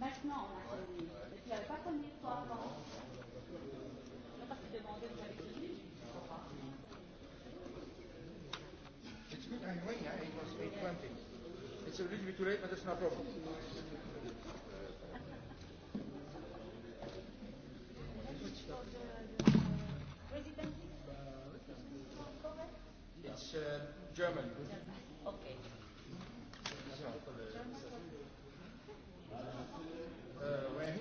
Maintenant, on It's good It was It's a little bit late, but that's problem. It's uh, German. Okay. Uh, we're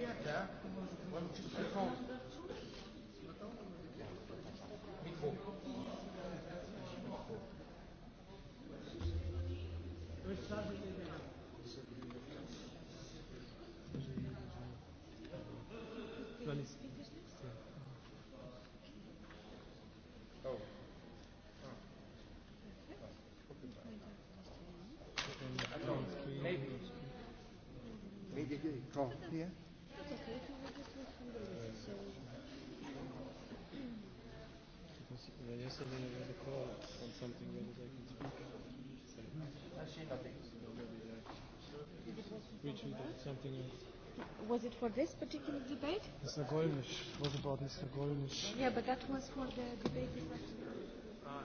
Was it for this particular debate? Mr. Yeah, but that was for the debate ah,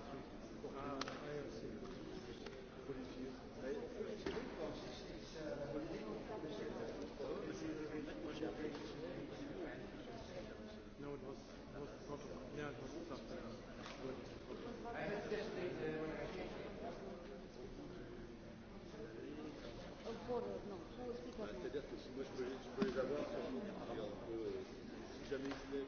Hvala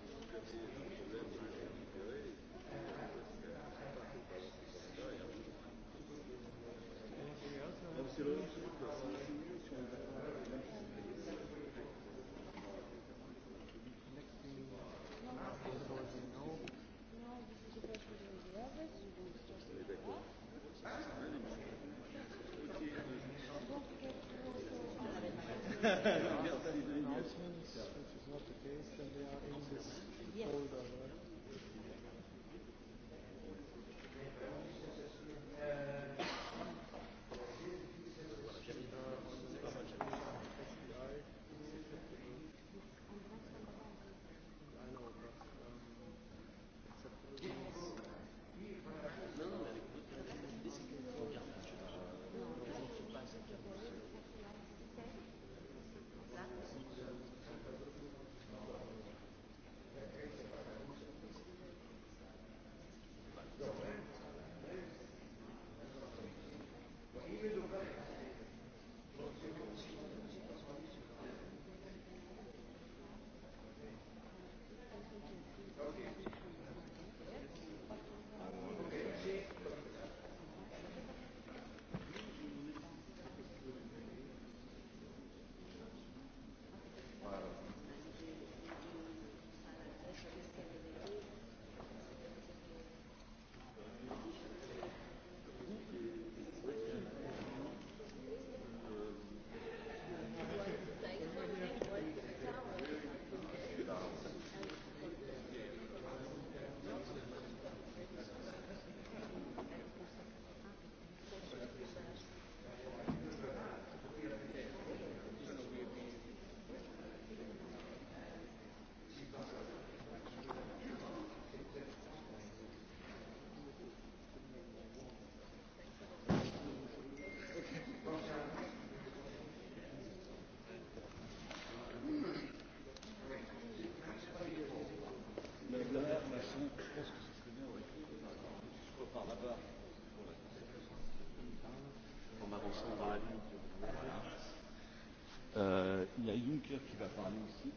il y a Juncker qui va parler ici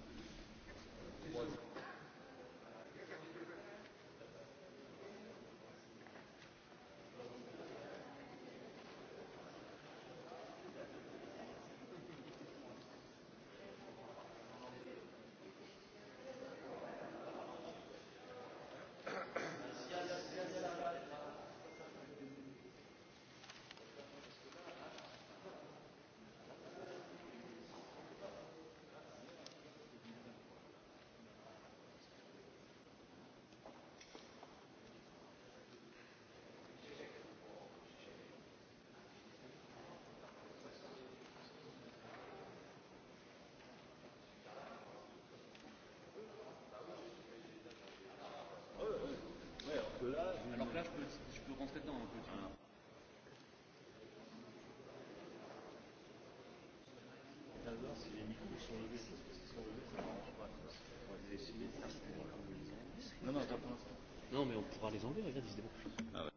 Non, mais on pourra les enlever, regarde, ils se débrouillent. Ah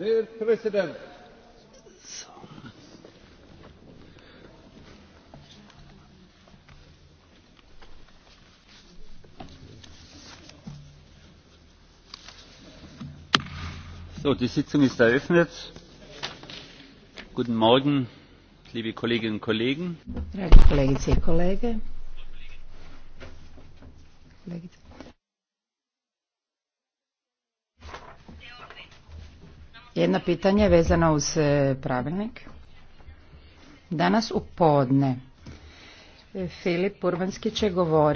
Herr Präsident! So, die Sitzung ist eröffnet. Guten Morgen, liebe Kolleginnen und Kollegen. Dragi kolegice i Jedno pitanje vezano uz e, pravilnik. Danas u podne e, Filip Urbanski će govoriti